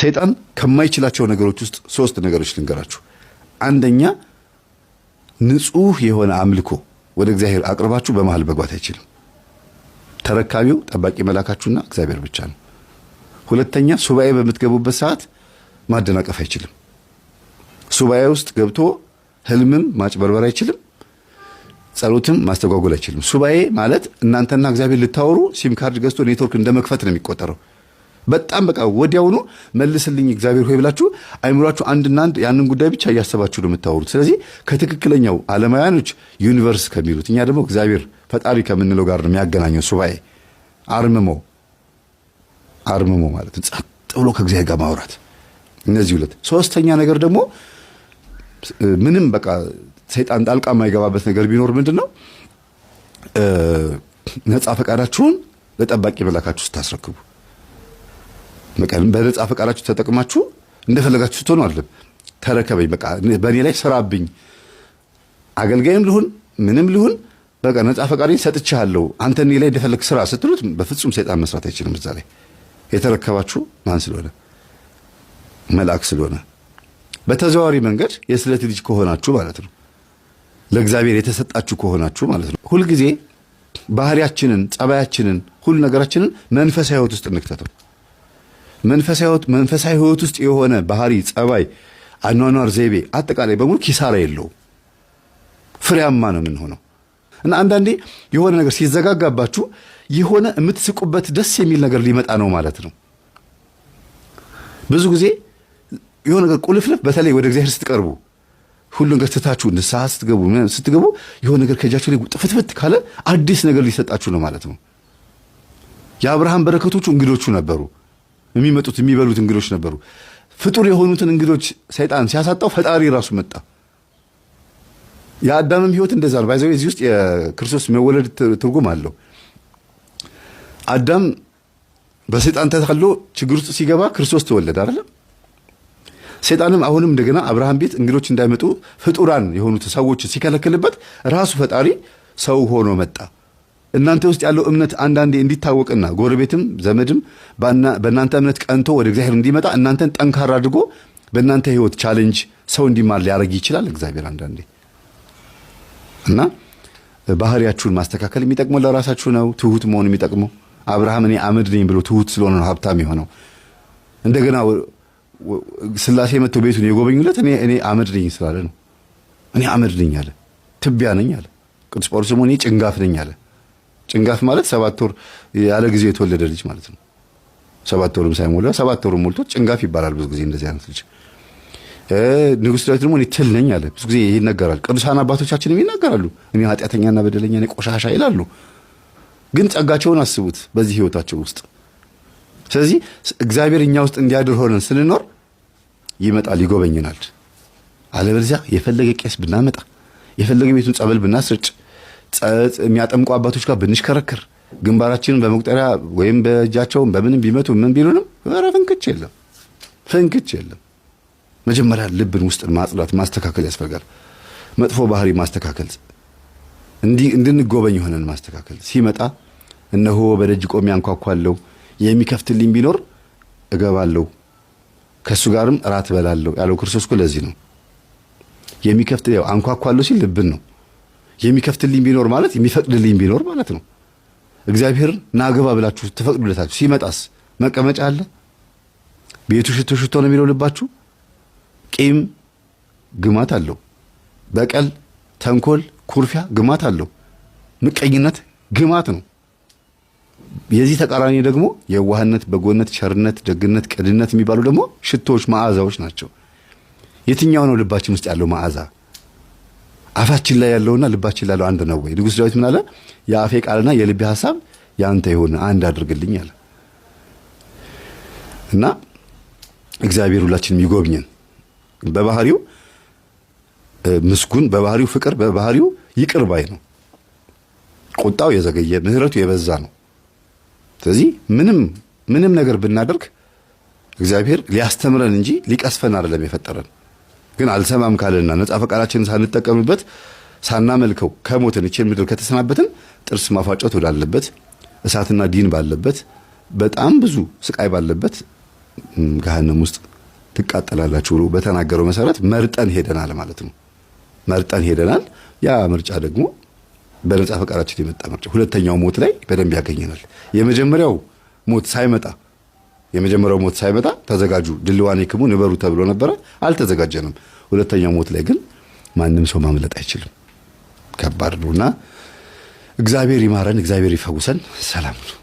ሰይጣን ከማይችላቸው ነገሮች ውስጥ ሶስት ነገሮች ልንገራችሁ። አንደኛ ንጹህ የሆነ አምልኮ ወደ እግዚአብሔር አቅርባችሁ በመሃል መግባት አይችልም። ተረካቢው ጠባቂ መላካችሁና እግዚአብሔር ብቻ ነው። ሁለተኛ ሱባኤ በምትገቡበት ሰዓት ማደናቀፍ አይችልም። ሱባኤ ውስጥ ገብቶ ህልምም ማጭበርበር አይችልም። ጸሎትም ማስተጓጎል አይችልም። ሱባኤ ማለት እናንተና እግዚአብሔር ልታወሩ ሲም ካርድ ገዝቶ ኔትወርክ እንደ መክፈት ነው የሚቆጠረው። በጣም በቃ ወዲያውኑ መልስልኝ እግዚአብሔር ሆይ ብላችሁ አይምሯችሁ አንድና አንድ ያንን ጉዳይ ብቻ እያሰባችሁ ነው የምታወሩት። ስለዚህ ከትክክለኛው አለማውያኖች ዩኒቨርስ ከሚሉት እኛ ደግሞ እግዚአብሔር ፈጣሪ ከምንለው ጋር ነው የሚያገናኘው። ሱባኤ አርምሞ አርምሞ ማለት ጸጥ ብሎ ከእግዚአብሔር ጋር ማውራት እነዚህ ሁለት። ሶስተኛ ነገር ደግሞ ምንም በቃ ሰይጣን ጣልቃ የማይገባበት ነገር ቢኖር ምንድን ነው ነፃ ፈቃዳችሁን ለጠባቂ መላካችሁ ስታስረክቡ በነፃ ፈቃዳችሁ ተጠቅማችሁ እንደፈለጋችሁ ስትሆኑ አይደለም። ተረከበኝ፣ በቃ በእኔ ላይ ስራብኝ፣ አገልጋይም ልሁን ምንም ልሁን፣ በቃ ነፃ ፈቃዴን ሰጥቻለሁ፣ አንተ እኔ ላይ እንደፈለግ ስራ ስትሉት በፍጹም ሰይጣን መስራት አይችልም። እዛ ላይ የተረከባችሁ ማን ስለሆነ መልአክ ስለሆነ በተዘዋዋሪ መንገድ የስለት ልጅ ከሆናችሁ ማለት ነው። ለእግዚአብሔር የተሰጣችሁ ከሆናችሁ ማለት ነው። ሁልጊዜ ባህሪያችንን፣ ጸባያችንን፣ ሁሉ ነገራችንን መንፈሳዊ ህይወት ውስጥ እንክተተው። መንፈሳዊ ህይወት ውስጥ የሆነ ባህሪ፣ ጸባይ፣ አኗኗር ዘይቤ አጠቃላይ በሙሉ ኪሳራ የለው ፍሬያማ ነው የምንሆነው እና አንዳንዴ የሆነ ነገር ሲዘጋጋባችሁ የሆነ የምትስቁበት ደስ የሚል ነገር ሊመጣ ነው ማለት ነው። ብዙ ጊዜ የሆነ ነገር ቁልፍልፍ፣ በተለይ ወደ እግዚአብሔር ስትቀርቡ ሁሉ ነገር ትታችሁ ንስሐ ስትገቡ ስትገቡ የሆነ ነገር ከእጃችሁ ላይ ጥፍትፍት ካለ አዲስ ነገር ሊሰጣችሁ ነው ማለት ነው። የአብርሃም በረከቶቹ እንግዶቹ ነበሩ። የሚመጡት የሚበሉት እንግዶች ነበሩ። ፍጡር የሆኑትን እንግዶች ሰይጣን ሲያሳጣው ፈጣሪ ራሱ መጣ። የአዳምም ህይወት እንደዛ ነው። ባይዘ እዚህ ውስጥ የክርስቶስ መወለድ ትርጉም አለው። አዳም በሰይጣን ተታሎ ችግር ውስጥ ሲገባ ክርስቶስ ተወለደ አይደለም። ሰይጣንም አሁንም እንደገና አብርሃም ቤት እንግዶች እንዳይመጡ ፍጡራን የሆኑት ሰዎች ሲከለክልበት ራሱ ፈጣሪ ሰው ሆኖ መጣ። እናንተ ውስጥ ያለው እምነት አንዳንዴ እንዲታወቅና ጎረቤትም ዘመድም በእናንተ እምነት ቀንቶ ወደ እግዚአብሔር እንዲመጣ እናንተን ጠንካራ አድርጎ በእናንተ ህይወት ቻለንጅ ሰው እንዲማር ሊያደርግ ይችላል እግዚአብሔር አንዳንዴ እና ባህሪያችሁን ማስተካከል የሚጠቅመው ለራሳችሁ ነው። ትሁት መሆን የሚጠቅመው አብርሃም እኔ አመድ ነኝ ብሎ ትሁት ስለሆነ ነው ሀብታም የሆነው። እንደገና ስላሴ መጥቶ ቤቱን የጎበኙለት እኔ አመድ ነኝ ስላለ ነው። እኔ አመድ ነኝ አለ፣ ትቢያ ነኝ አለ። ቅዱስ ጳውሎስ ደግሞ እኔ ጭንጋፍ ነኝ አለ። ጭንጋፍ ማለት ሰባት ወር ያለ ጊዜ የተወለደ ልጅ ማለት ነው። ሰባት ወርም ሳይሞላ ሰባት ወርም ሞልቶ ጭንጋፍ ይባላል ብዙ ጊዜ እንደዚህ አይነት ልጅ። ንጉሥ ዳዊት ደግሞ እኔ ትል ነኝ አለ። ብዙ ጊዜ ይነገራል፣ ቅዱሳን አባቶቻችንም ይናገራሉ። እኔ ኃጢአተኛና በደለኛ እኔ ቆሻሻ ይላሉ። ግን ጸጋቸውን አስቡት በዚህ ህይወታቸው ውስጥ። ስለዚህ እግዚአብሔር እኛ ውስጥ እንዲያድር ሆነን ስንኖር ይመጣል፣ ይጎበኝናል። አለበለዚያ የፈለገ ቄስ ብናመጣ የፈለገ ቤቱን ጸበል ብናስርጭ ጸጥ የሚያጠምቁ አባቶች ጋር ብንሽከረክር ግንባራችንን በመቁጠሪያ ወይም በእጃቸውን በምንም ቢመቱ ምን ቢሉንም ኧረ ፍንክች የለም ፍንክች የለም። መጀመሪያ ልብን ውስጥን ማጽዳት ማስተካከል ያስፈልጋል። መጥፎ ባህሪ ማስተካከል እንዲህ እንድንጎበኝ የሆነን ማስተካከል ሲመጣ እነሆ በደጅ ቆሜ አንኳኳለሁ፣ የሚከፍትልኝ ቢኖር እገባለሁ፣ ከእሱ ጋርም እራት እበላለሁ ያለው ክርስቶስ እኮ ለዚህ ነው። የሚከፍት አንኳኳለሁ ሲል ልብን ነው የሚከፍትልኝ ቢኖር ማለት የሚፈቅድልኝ ቢኖር ማለት ነው። እግዚአብሔር ናገባ ብላችሁ ትፈቅዱለታችሁ። ሲመጣስ መቀመጫ አለ። ቤቱ ሽቶ ሽቶ ነው የሚለው ልባችሁ። ቂም ግማት አለው። በቀል፣ ተንኮል፣ ኩርፊያ ግማት አለው። ምቀኝነት ግማት ነው። የዚህ ተቃራኒ ደግሞ የዋህነት፣ በጎነት፣ ቸርነት፣ ደግነት፣ ቅድነት የሚባሉ ደግሞ ሽቶዎች፣ መዓዛዎች ናቸው። የትኛው ነው ልባችን ውስጥ ያለው መዓዛ? አፋችን ላይ ያለውና ልባችን ላለው አንድ ነው ወይ? ንጉሥ ዳዊት ምን አለ? የአፌ ቃልና የልቤ ሀሳብ ያንተ ይሁን አንድ አድርግልኝ አለ እና እግዚአብሔር ሁላችንም ይጎብኝን። በባህሪው ምስጉን፣ በባህሪው ፍቅር፣ በባህሪው ይቅር ባይ ነው። ቁጣው የዘገየ ምሕረቱ የበዛ ነው። ስለዚህ ምንም ምንም ነገር ብናደርግ እግዚአብሔር ሊያስተምረን እንጂ ሊቀስፈን አይደለም የፈጠረን። ግን አልሰማም ካለና ነጻ ፈቃዳችንን ሳንጠቀምበት ሳናመልከው ከሞትን እችን ምድር ከተሰናበትን ጥርስ ማፋጨት ወዳለበት እሳትና ዲን ባለበት በጣም ብዙ ስቃይ ባለበት ገሃነም ውስጥ ትቃጠላላችሁ ብሎ በተናገረው መሰረት መርጠን ሄደናል ማለት ነው። መርጠን ሄደናል። ያ ምርጫ ደግሞ በነጻ ፈቃዳችን የመጣ ምርጫ፣ ሁለተኛው ሞት ላይ በደንብ ያገኘናል። የመጀመሪያው ሞት ሳይመጣ የመጀመሪያው ሞት ሳይመጣ ተዘጋጁ ድልዋን ክሙ ንበሩ ተብሎ ነበረ። አልተዘጋጀንም። ሁለተኛው ሞት ላይ ግን ማንም ሰው ማምለጥ አይችልም። ከባድ ነውና እግዚአብሔር ይማረን፣ እግዚአብሔር ይፈውሰን። ሰላም ነው።